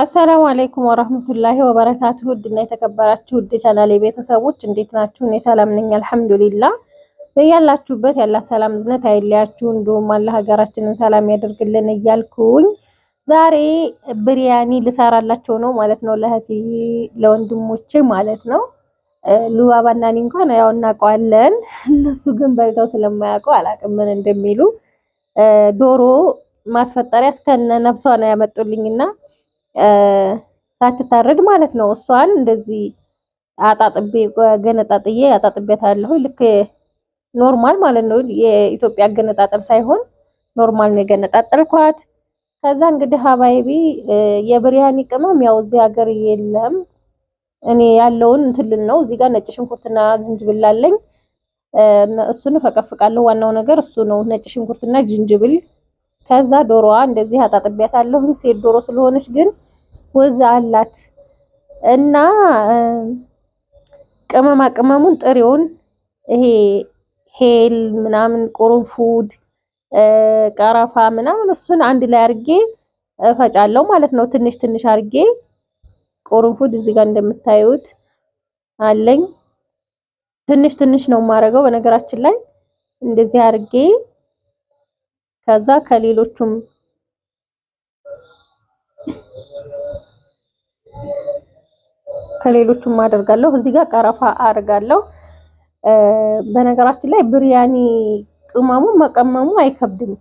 አሰላሙ አለይኩም ወራህመቱላሂ ወበረካቱሁ። ውድና የተከበራችሁ ውድ ቻናሌ ቤተሰቦች እንዴት ናችሁ? እኔ ሰላም ነኝ አልሐምዱሊላ። በያላችሁበት ያላ ሰላም ዝነት አይለያችሁ፣ እንዲሁም አላህ ሀገራችንን ሰላም ያደርግልን እያልኩኝ ዛሬ ብሪያኒ ልሰራላቸው ነው ማለት ነው፣ ለህቲ ለወንድሞቼ ማለት ነው። ሉባባና እኔ እንኳን ያው እናውቀዋለን፣ እነሱ ግን በልተው ስለማያውቁ አላቅም ምን እንደሚሉ። ዶሮ ማስፈጠሪያ እስከነ ነፍሷ ነው ያመጡልኝና ሳትታረድ ማለት ነው። እሷን እንደዚህ አጣጥቤ ገነጣጥዬ አጣጥቤታለሁ። ልክ ኖርማል ማለት ነው። የኢትዮጵያ አገነጣጠል ሳይሆን ኖርማል ነው የገነጣጠልኳት። ከዛ እንግዲህ ሀባይቢ የብሪያኒ ቅመም ያው እዚህ ሀገር የለም። እኔ ያለውን እንትልን ነው እዚህ ጋር ነጭ ሽንኩርትና ዝንጅብል አለኝ። እሱን ፈቀፍቃለሁ። ዋናው ነገር እሱ ነው፣ ነጭ ሽንኩርትና ዝንጅብል ከዛ ዶሮዋ እንደዚህ አጣጥቢያታለሁ። ሴት ዶሮ ስለሆነች ግን ወዝ አላት እና ቅመማ ቅመሙን ጥሬውን ይሄ ሄል ምናምን ቁርንፉድ፣ ቀረፋ ምናምን እሱን አንድ ላይ አርጌ እፈጫለሁ ማለት ነው። ትንሽ ትንሽ አርጌ ቁርንፉድ እዚህ ጋር እንደምታዩት አለኝ። ትንሽ ትንሽ ነው የማደርገው በነገራችን ላይ እንደዚህ አርጌ ከዛ ከሌሎቹም ከሌሎቹም አደርጋለሁ። እዚህ ጋር ቀረፋ አድርጋለሁ በነገራችን ላይ ብሪያኒ ቅመሙ መቀመሙ አይከብድም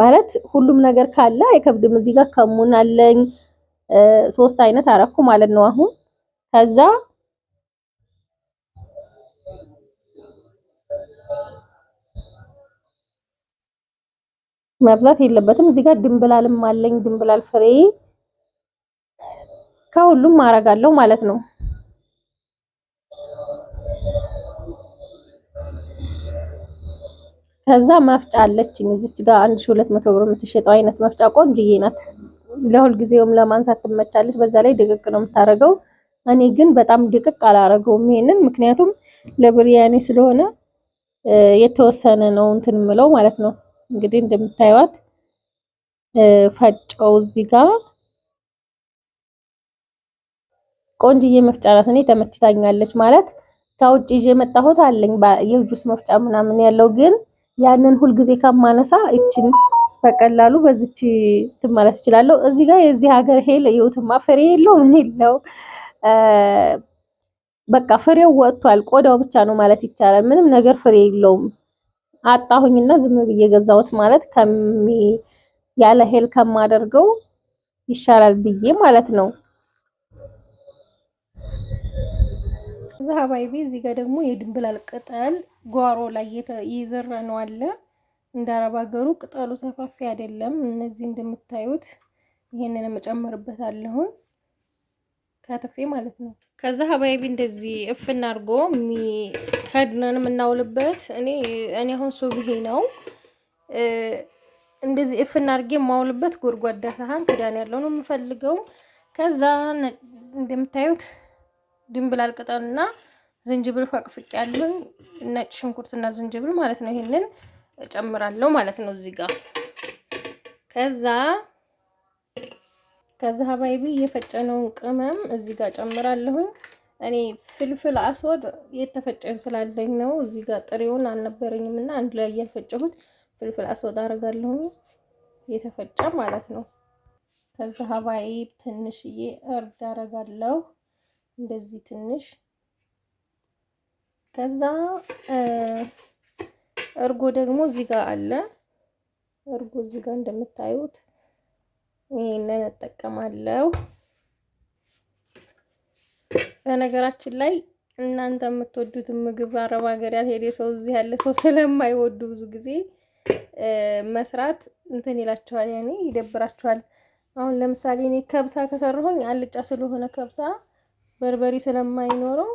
ማለት ሁሉም ነገር ካለ አይከብድም። እዚህ ጋር ከሙን አለኝ ሶስት አይነት አረኩ ማለት ነው አሁን ከዛ መብዛት የለበትም። እዚህ ጋር ድንብላልም አለኝ። ድንብላል ፍሬ ከሁሉም አረጋለሁ ማለት ነው። ከዛ መፍጫ አለችኝ እዚች ጋር 1200 ብር የምትሸጠው አይነት መፍጫ ቆንጆዬ ናት። ለሁል ጊዜውም ለማንሳት ትመቻለች። በዛ ላይ ድቅቅ ነው የምታደርገው እኔ ግን በጣም ድቅቅ አላረገውም ይሄንን ምክንያቱም ለብርያኔ ስለሆነ የተወሰነ ነው እንትን ምለው ማለት ነው። እንግዲህ እንደምታዩት ፈጨው እዚህ ጋር ቆንጅዬ መፍጫ ናት። እኔ ተመችታኛለች ማለት ከውጭ ይዤ መጣሁት አለኝ የጁስ መፍጫ ምናምን ያለው ግን ያንን ሁልጊዜ ከማነሳ እችን በቀላሉ በዚች ትመለስ እችላለሁ። እዚህ ጋር የዚህ ሀገር ሄል ይውትማ ፍሬ የለው ምን የለው በቃ ፍሬው ወጥቷል። ቆዳው ብቻ ነው ማለት ይቻላል። ምንም ነገር ፍሬ የለውም። አጣሁኝና ዝም ብዬ ገዛሁት ማለት ከሚ ያለ ሄል ከማደርገው ይሻላል ብዬ ማለት ነው። ዛባይቤ እዚህ ጋር ደግሞ የድንብላል ቅጠል ጓሮ ላይ የዘራ ነው አለ። እንደ አረብ ሀገሩ ቅጠሉ ሰፋፊ አይደለም። እነዚህ እንደምታዩት ይሄንን መጨመርበት አለሁን ከትፌ ማለት ነው። ከዛ ሀባይቢ እንደዚህ እፍና አድርጎ ከድነን የምናውልበት እኔ እኔ አሁን ሱብሄ ነው እንደዚህ እፍና አድርጌ የማውልበት ጎድጓዳ ሳህን ክዳን ያለው ነው የምፈልገው። ከዛ እንደምታዩት ድንብላል ቅጠልና ዝንጅብል ፈቅፍቅ ያለኝ ነጭ ሽንኩርትና ዝንጅብል ማለት ነው። ይሄንን እጨምራለሁ ማለት ነው እዚህ ጋር ከዛ ከዛ ሀባይቢ የፈጨነውን ቅመም እዚህ ጋር ጨምራለሁኝ። እኔ ፍልፍል አስወድ የተፈጨን ስላለኝ ነው። እዚህ ጋር ጥሬውን አልነበረኝም እና አንድ ላይ እያልፈጨሁት ፍልፍል አስወድ አደርጋለሁኝ። የተፈጨ ማለት ነው። ከዛ ሀባይ ትንሽዬ እርድ አደርጋለሁ እንደዚህ ትንሽ። ከዛ እርጎ ደግሞ እዚህ ጋር አለ። እርጎ እዚህ ጋር እንደምታዩት ይህንን እጠቀማለሁ። በነገራችን ላይ እናንተ የምትወዱትን ምግብ አረብ ሀገር ያልሄደ ሰው እዚህ ያለ ሰው ስለማይወዱ ብዙ ጊዜ መስራት እንትን ይላችኋል፣ ያኔ ይደብራችኋል። አሁን ለምሳሌ እኔ ከብሳ ከሰራሁኝ አልጫ ስለሆነ ከብሳ በርበሬ ስለማይኖረው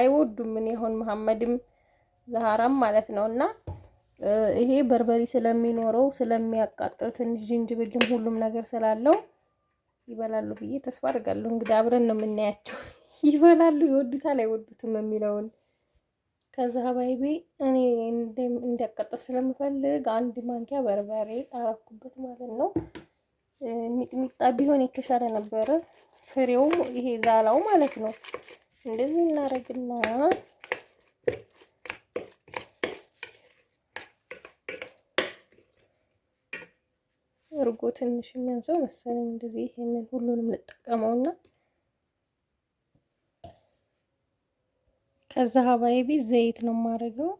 አይወዱም። እኔ አሁን መሐመድም ዛሃራም ማለት ነው እና ይሄ በርበሪ ስለሚኖረው ስለሚያቃጥል ትንሽ ዝንጅብልም ሁሉም ነገር ስላለው ይበላሉ ብዬ ተስፋ አድርጋለሁ። እንግዲህ አብረን ነው የምናያቸው። ይበላሉ፣ ይወዱታል፣ አይወዱትም የሚለውን ከዛ ባይቤ እኔ እንዲያቃጥል ስለምፈልግ አንድ ማንኪያ በርበሬ አረኩበት ማለት ነው። ሚጥሚጣ ቢሆን የተሻለ ነበረ። ፍሬው ይሄ ዛላው ማለት ነው። እንደዚህ እናደርግና እርጎ ትንሽ የሚያንሰው መሰለኝ። እንደዚህ ይሄንን ሁሉንም ና ከዛ ሀባይቢ ዘይት ነው የማደርገው፣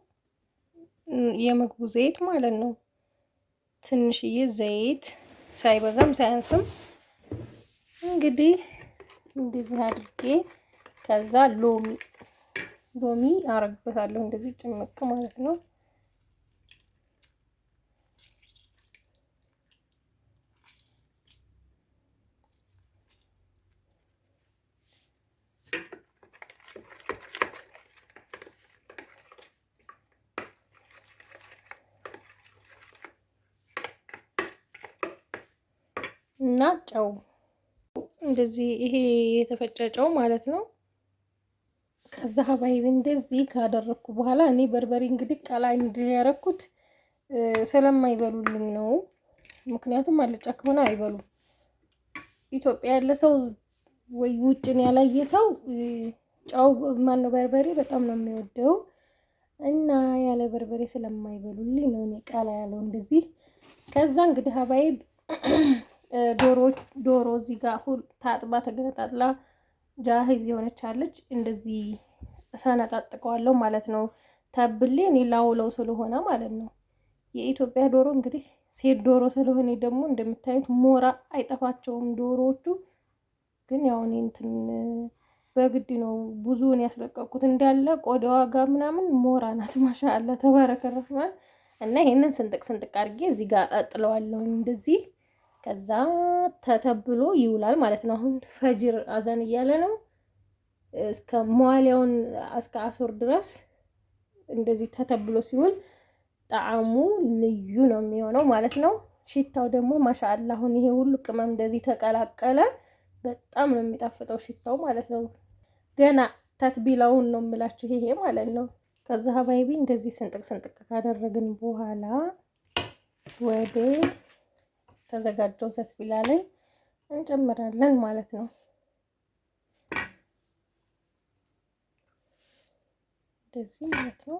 የምግቡ ዘይት ማለት ነው። ትንሽዬ ዘይት ሳይበዛም ሳያንስም እንግዲህ እንደዚህ አድርጌ ከዛ ሎሚ ሎሚ አረግበታለሁ እንደዚህ ጭምቅ ማለት ነው። ጨው እንደዚህ ይሄ የተፈጨጨው ማለት ነው። ከዛ ሀባይብ እንደዚህ ካደረግኩ በኋላ እኔ በርበሬ እንግዲህ ቀላ እንዲያረኩት ስለማይበሉልኝ ነው። ምክንያቱም አልጫ ከሆነ አይበሉም። ኢትዮጵያ ያለ ሰው ወይ ውጭን ያላየ ሰው ጨው ማነው በርበሬ በጣም ነው የሚወደው እና ያለ በርበሬ ስለማይበሉልኝ ነው እኔ ቃላ ያለው እንደዚህ። ከዛ እንግዲህ ሀባይብ ዶሮ እዚህ ጋር ሁሉ ታጥባ ተገነጣጥላ ጃህዝ የሆነቻለች አለች። እንደዚህ እሰነጣጥቀዋለሁ ማለት ነው። ተብሌ እኔ ላውለው ስለሆነ ማለት ነው። የኢትዮጵያ ዶሮ እንግዲህ ሴት ዶሮ ስለሆነ ደግሞ እንደምታዩት ሞራ አይጠፋቸውም ዶሮዎቹ። ግን ያው እኔ እንትን በግድ ነው ብዙውን ያስለቀቁት እንዳለ ቆዳዋ ጋር ምናምን ሞራ ናት። ማሻአላ ተባረከ ረህማን። እና ይሄንን ስንጥቅ ስንጥቅ አድርጌ እዚህ ጋር አጥለዋለሁ እንደዚህ ከዛ ተተብሎ ይውላል ማለት ነው። አሁን ፈጅር አዘን እያለ ነው። እስከ መዋሊያውን እስከ አሶር ድረስ እንደዚህ ተተብሎ ሲውል ጣዕሙ ልዩ ነው የሚሆነው ማለት ነው። ሽታው ደግሞ ማሻአላ አሁን ይሄ ሁሉ ቅመም እንደዚህ ተቀላቀለ፣ በጣም ነው የሚጣፍጠው ሽታው ማለት ነው። ገና ተትቢላውን ነው የምላችሁ ይሄ ማለት ነው። ከዛ ሀባይቢ እንደዚህ ስንጥቅ ስንጥቅ ካደረግን በኋላ ወደ ተዘጋጀው ተትቢላ ላይ እንጨምራለን ማለት ነው። እንደዚህ ማለት ነው።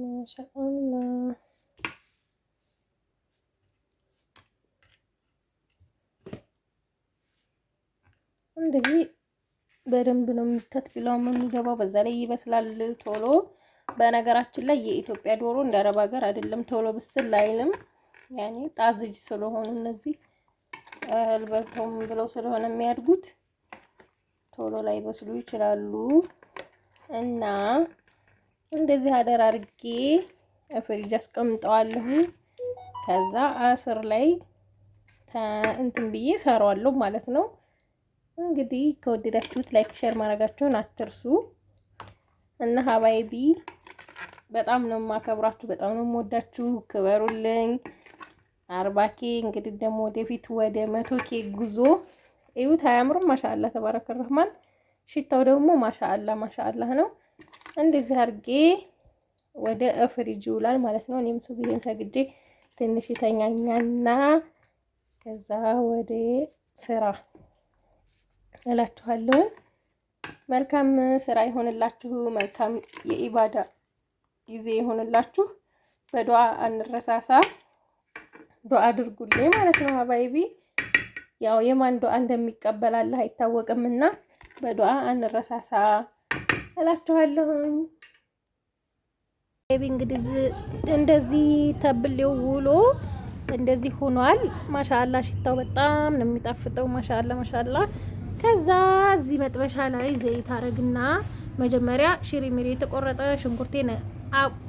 ማሻአላ እንደዚህ በደንብ ነው ተትቢላው የሚገባው። በዛ ላይ ይበስላል ቶሎ በነገራችን ላይ የኢትዮጵያ ዶሮ እንደ አረብ ሀገር አይደለም፣ ቶሎ ብስል አይልም። ያኔ ጣዝጅ ስለሆኑ እነዚህ እህል ብለው ስለሆነ የሚያድጉት ቶሎ ላይ በስሉ ይችላሉ። እና እንደዚህ አደር አድርጌ ፍሪጅ አስቀምጠዋለሁ። ከዛ አስር ላይ እንትን ብዬ ሰራዋለሁ ማለት ነው። እንግዲህ ከወደዳችሁት ላይክ ሼር ማድረጋችሁን አትርሱ። እና ሀባይቢ በጣም ነው የማከብራችሁ፣ በጣም ነው የምወዳችሁ። ክበሩልኝ። አርባኬ እንግዲህ ደግሞ ወደፊት ወደ መቶ ኬ ጉዞ እዩት። አያምርም? ማሻአላ ተባረከ ረህማን። ሽታው ደግሞ ማሻአላ ማሻአላ ነው። እንደዚህ አርጌ ወደ ፍሪጅ ይውላል ማለት ነው። እኔም ሱብሂን ሰግጄ ትንሽ የተኛኛና ከዛ ወደ ስራ እላችኋለሁ። መልካም ስራ ይሆንላችሁ። መልካም የኢባዳ ጊዜ ይሆንላችሁ። በዱአ አንረሳሳ። ዱአ አድርጉልኝ ማለት ነው ሀባይቢ። ያው የማን ዱዓ እንደሚቀበል አላህ አይታወቅምና በዱአ አንረሳሳ እላችኋለሁኝ። ቤቢ እንግዲህ እንደዚህ ተብሌው ውሎ እንደዚህ ሆኗል። ማሻአላ ሽታው በጣም ነው የሚጣፍጠው። ማሻአላ ማሻአላ ከዛ እዚህ መጥበሻ ላይ ዘይት አረግና መጀመሪያ ሽሪ ሚሪ የተቆረጠ ሽንኩርቴን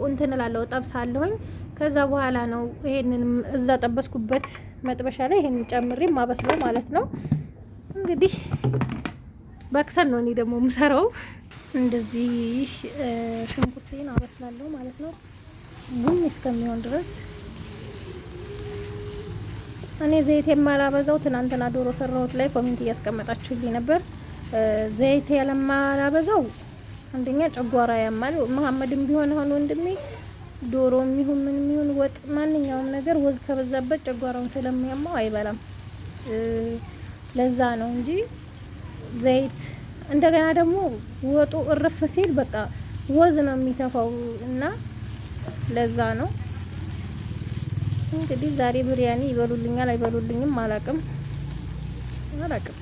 እንትን እላለሁ ጠብሳለሁኝ። ከዛ በኋላ ነው ይሄንን እዛ ጠበስኩበት መጥበሻ ላይ ይሄንን ጨምሬ ማበስለው ማለት ነው። እንግዲህ በክሰን ነው እኔ ደግሞ የምሰራው። እንደዚህ ሽንኩርቴን አበስላለሁ ማለት ነው ቡኒ እስከሚሆን ድረስ እኔ ዘይት የማላበዛው ትናንትና ዶሮ ሰራሁት ላይ ኮሜንት እያስቀመጣችሁልኝ ነበር። ዘይት ያለማላበዛው አንደኛ ጨጓራ ያማል። መሀመድም ቢሆን አሁን ወንድሜ ዶሮ የሚሆን ምን የሚሆን ወጥ ማንኛውም ነገር ወዝ ከበዛበት ጨጓራውን ስለሚያማው አይበላም። ለዛ ነው እንጂ ዘይት እንደገና ደግሞ ወጡ እርፍ ሲል በቃ ወዝ ነው የሚተፋው እና ለዛ ነው እንግዲህ ዛሬ ብሪያኒ ይበሉልኛል አይበሉልኝም አላቅም አላቅም።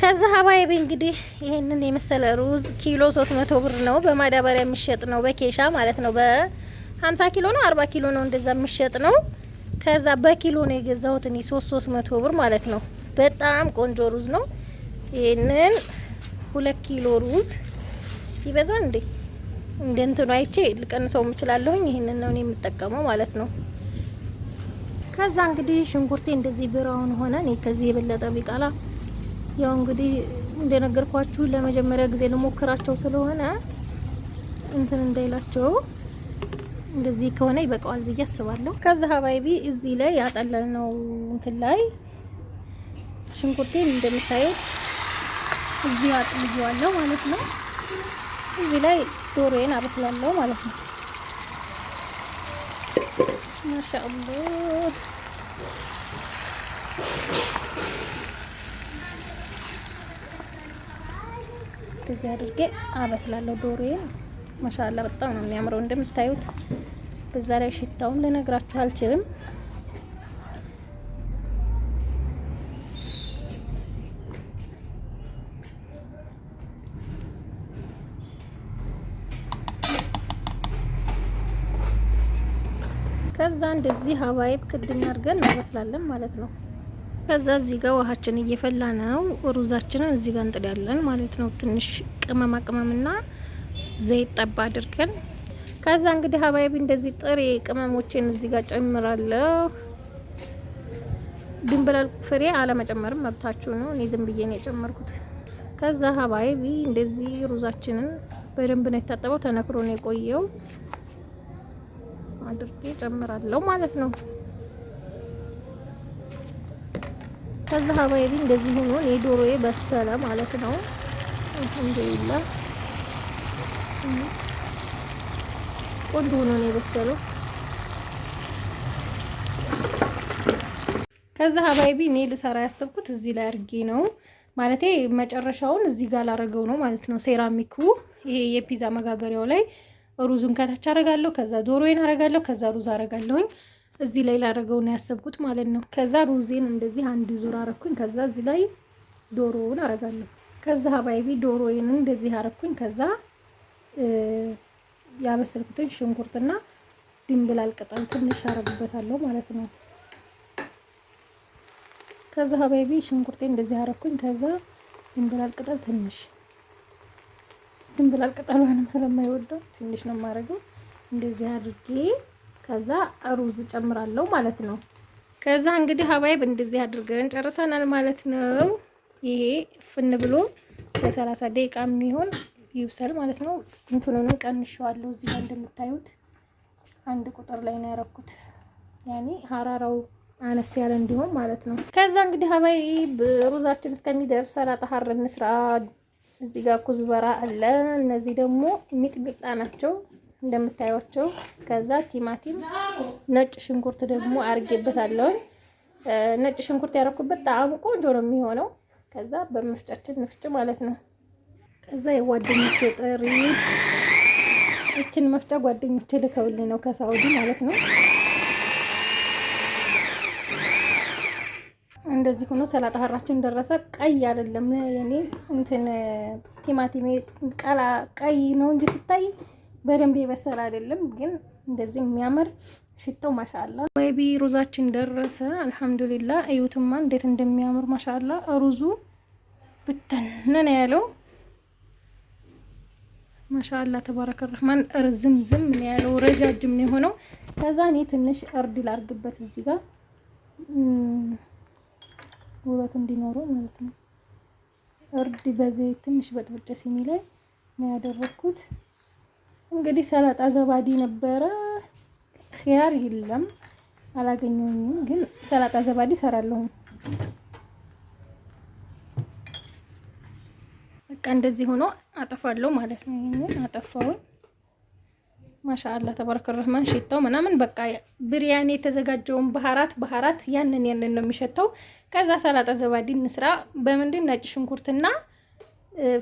ከዛ ሀባይቤ እንግዲህ ይሄንን የመሰለ ሩዝ ኪሎ 300 ብር ነው። በማዳበሪያ የሚሸጥ ነው፣ በኬሻ ማለት ነው። በ50 ኪሎ ነው 40 ኪሎ ነው እንደዛ የሚሸጥ ነው። ከዛ በኪሎ ነው የገዛሁት እኔ 300 ብር ማለት ነው። በጣም ቆንጆ ሩዝ ነው። ይሄንን ሁለት ኪሎ ሩዝ ይበዛል እንዴ? እንደ እንትኑ አይቼ ልቀንሰው እችላለሁኝ። ይህንን ነው እኔ የምጠቀመው ማለት ነው። ከዛ እንግዲህ ሽንኩርቴ እንደዚህ ብራውን ሆነ። እኔ ከዚህ የበለጠ ቢቃላ ያው እንግዲህ እንደነገርኳችሁ ለመጀመሪያ ጊዜ ልሞክራቸው ስለሆነ እንትን እንዳይላቸው እንደዚህ ከሆነ ይበቃዋል ብዬ አስባለሁ። ከዛ ሀባይቢ እዚህ ላይ ያጠለል ነው እንትን ላይ ሽንኩርቴን እንደምታዩት እዚህ አጥልየዋለሁ ማለት ነው እዚህ ላይ ዶሮዬን አበስላለሁ ማለት ነው። ማሻአላ እንደዚህ አድርጌ አበስላለሁ ዶሮዬን። ማሻአላ በጣም ነው የሚያምረው እንደምታዩት። በዛ ላይ ሽታውን ልነግራችሁ አልችልም። እንደዚህ ሀባይብ ክድን አድርገን እናበስላለን ማለት ነው። ከዛ እዚህ ጋር ውሃችን እየፈላ ነው። ሩዛችንን እዚህ ጋር እንጥዳለን ማለት ነው። ትንሽ ቅመማ ቅመምና ዘይት ጠባ አድርገን ከዛ እንግዲህ ሀባይብ እንደዚህ ጥሬ ቅመሞችን እዚህ ጋር ጨምራለሁ። ድንብላል ፍሬ አለመጨመርም መብታችሁ ነው። እኔ ዝም ብዬ ነው የጨመርኩት። ከዛ ሀባይቢ እንደዚህ ሩዛችንን በደንብ ነው የታጠበው፣ ተነክሮ ነው የቆየው። አድርጌ ጨምራለሁ ማለት ነው። ከዛ ሀባይቢ እንደዚህ ሆኖ የዶሮዬ በሰለ ማለት ነው። አልሐምዱሊላህ ቆንጆ ሆኖ ነው የበሰለው። ከዛ ሀባይቢ እኔ ልሰራ ያሰብኩት እዚህ ላይ አድርጌ ነው ማለቴ መጨረሻውን እዚህ ጋር ላረገው ነው ማለት ነው። ሴራሚኩ ይሄ የፒዛ መጋገሪያው ላይ ሩዙን ከታች አረጋለሁ። ከዛ ዶሮዬን አረጋለሁ። ከዛ ሩዝ አረጋለሁኝ። እዚህ ላይ ላረገው ነው ያሰብኩት ማለት ነው። ከዛ ሩዜን እንደዚህ አንድ ዙር አረኩኝ። ከዛ እዚህ ላይ ዶሮውን አረጋለሁ። ከዛ ሀባይቢ ዶሮዬን እንደዚህ አረኩኝ። ከዛ ያበሰልኩትን ሽንኩርትና ድንብላል ቅጠል ትንሽ አረግበታለሁ ማለት ነው። ከዛ ሀባይቢ ሽንኩርቴ እንደዚህ አረኩኝ። ከዛ ድንብላል ቅጠል ትንሽ ድንብላል ቅጠሏንም ስለማይወደው ትንሽ ነው የማደርገው። እንደዚህ አድርጌ ከዛ ሩዝ ጨምራለሁ ማለት ነው። ከዛ እንግዲህ ሀባይብ እንደዚህ አድርገን ጨርሰናል ማለት ነው። ይሄ ፍን ብሎ ለሰላሳ ደቂቃ የሚሆን ይብሰል ማለት ነው። እንትኑንም ቀንሸዋለሁ። እዚህ ጋር እንደምታዩት አንድ ቁጥር ላይ ነው ያረኩት። ያኔ ሀራራው አነስ ያለ እንዲሆን ማለት ነው። ከዛ እንግዲህ ሀባይ ሩዛችን እስከሚደርስ ሰላጣ ሀረን ስራ እዚህ ጋር ኩዝበራ አለ። እነዚህ ደግሞ ሚጥሚጣ ናቸው እንደምታዩቸው። ከዛ ቲማቲም፣ ነጭ ሽንኩርት ደግሞ አርጌበታለሁ። ነጭ ሽንኩርት ያደረኩበት ጣዕሙ ቆንጆ ነው የሚሆነው። ከዛ በመፍጫችን ንፍጭ ማለት ነው። ከዛ የጓደኞቼ ጥሪ ይችን መፍጫ ጓደኞቼ ልከውልኝ ነው ከሳውዲ ማለት ነው። እንደዚህ ሆኖ ሰላጣ ሀራችን ደረሰ። ቀይ አይደለም የኔ እንትን ቲማቲሜ ቀላ ቀይ ነው እንጂ ሲታይ በደንብ የበሰለ አይደለም፣ ግን እንደዚህ የሚያምር ሽታው ማሻአላ። ወይቢ ሩዛችን ደረሰ። አልሐምዱሊላ። እዩትማ እንዴት እንደሚያምር ማሻአላ። ሩዙ ብተነነ ያለው ማሻአላ ተባረከ ረህማን። እርዝም ዝም ነው ያለው፣ ረጃጅም ነው የሆነው። ከዛ እኔ ትንሽ እርድ ላርግበት እዚህ ጋር ውበት እንዲኖረው ማለት ነው። እርድ በዘይት ትንሽ በጥብጭ ሲኒ ላይ ነው ያደረግኩት። እንግዲህ ሰላጣ ዘባዲ ነበረ። ኪያር የለም አላገኘሁኝም፣ ግን ሰላጣ ዘባዲ ሰራለሁኝ። በቃ እንደዚህ ሆኖ አጠፋለሁ ማለት ነው። ይሄንን አጠፋውን ማሻአላ ተባረከ ረህማን ሽታው ምናምን በቃ ብሪያኒ የተዘጋጀውን ባህራት ባህራት ያንን ያንን ነው የሚሸተው። ከዛ ሰላጣ ዘባዲ እንስራ። በምንድን ነጭ ሽንኩርትና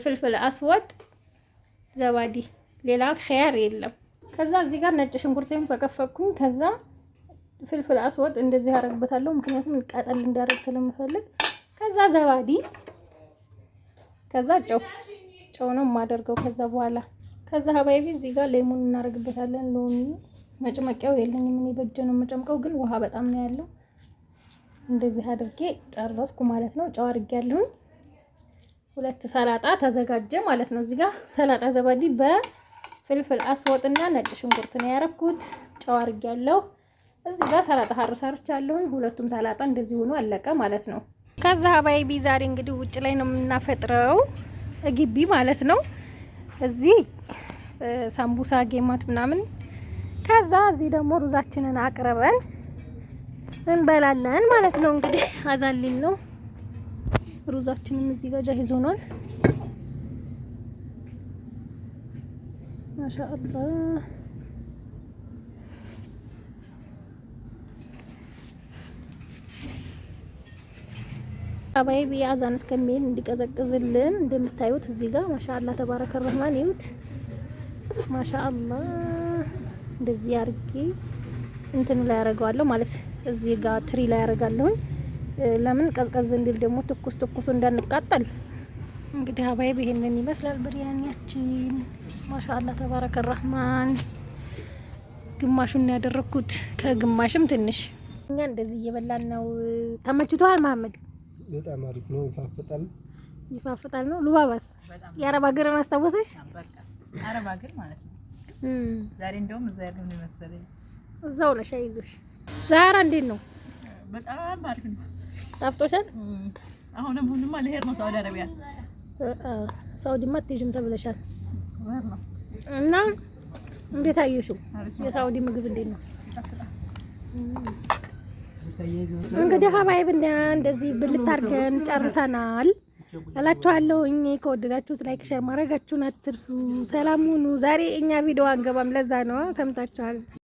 ፍልፍል አስወጥ ዘባዲ፣ ሌላ ኸያር የለም። ከዛ እዚህ ጋር ነጭ ሽንኩርቴን ፈቀፈቅኩኝ። ከዛ ፍልፍል አስወጥ እንደዚህ አደርግበታለሁ፣ ምክንያቱም ቀጠል እንዳደርግ ስለምፈልግ። ከዛ ዘባዲ፣ ከዛ ጨው ጨው ነው የማደርገው ከዛ በኋላ ከዛ ሀባይቢ እዚህ ጋር ሌሙን እናደርግበታለን። ሎሚ መጭመቂያው የለኝም እኔ በእጄ ነው የምጨምቀው፣ ግን ውሃ በጣም ነው ያለው። እንደዚህ አድርጌ ጨረስኩ ማለት ነው። ጨው አድርጌ ያለሁኝ ሁለት ሰላጣ ተዘጋጀ ማለት ነው። እዚህ ጋር ሰላጣ ዘባዲ በፍልፍል አስወጥና ነጭ ሽንኩርት ነው ያረኩት። ጨው አድርጌ አድርጌያለሁ። እዚህ ጋር ሰላጣ ሀር ሰርቻለሁኝ። ሁለቱም ሰላጣ እንደዚህ ሆኖ አለቀ ማለት ነው። ከዛ ሀባይቢ ዛሬ እንግዲህ ውጭ ላይ ነው የምናፈጥረው ግቢ ማለት ነው። እዚህ ሳምቡሳ ጌማት ምናምን። ከዛ እዚህ ደግሞ ሩዛችንን አቅርበን እንበላለን ማለት ነው። እንግዲህ አዛሊን ነው። ሩዛችንም እዚህ ጋር ጃሂዝ ሆኗል። ማሻአላህ አባይ ቢያዛን እስከሚል እንዲቀዘቅዝልን እንደምታዩት እዚህ ጋር ማሻአላ ተባረከ ረህማን ይሁት ማሻአላ እንደዚህ አርጌ እንትኑ ላይ ያደርገዋለሁ ማለት እዚህ ጋር ትሪ ላይ ያደርጋለሁኝ። ለምን ቀዝቀዝ እንዲል ደግሞ ትኩስ ትኩሱ እንዳንቃጠል። እንግዲህ አባይ ይሄንን ይመስላል ብሪያኒያችን። ማሻአላህ ተባረከ ረህማን። ግማሹን ያደረኩት ከግማሽም ትንሽ እኛ እንደዚህ እየበላን ነው። ተመችቷል መሀመድ? በጣም አሪፍ ነው። ይፋፍጣል፣ ይፋፍጣል ነው። ሉባባስ የአረብ ሀገርን አስታወሰች። አረብ ሀገር ማለት ነው። ዛሬ እንደውም እዛ ያለው ነው የመሰለኝ። እዛው ነሽ። አይዞሽ ዛራ፣ እንዴት ነው? በጣም አሪፍ ነው። አሁንም ልሄድ ነው ሳውዲ አረቢያ። ሳውዲማ አትሄጂም ተብለሻል እና እንዴት አየሽው? የሳውዲ ምግብ እንዴት ነው? እንግዲህ ሀባይብ እንደዚህ ብልታርገን ጨርሰናል። እላችኋለሁኝ። ከወደዳችሁት ላይክ፣ ሸር ማድረጋችሁን አትርሱ። ሰላም ሁኑ። ዛሬ እኛ ቪዲዮ አንገባም፣ ለዛ ነው ሰምታችኋል።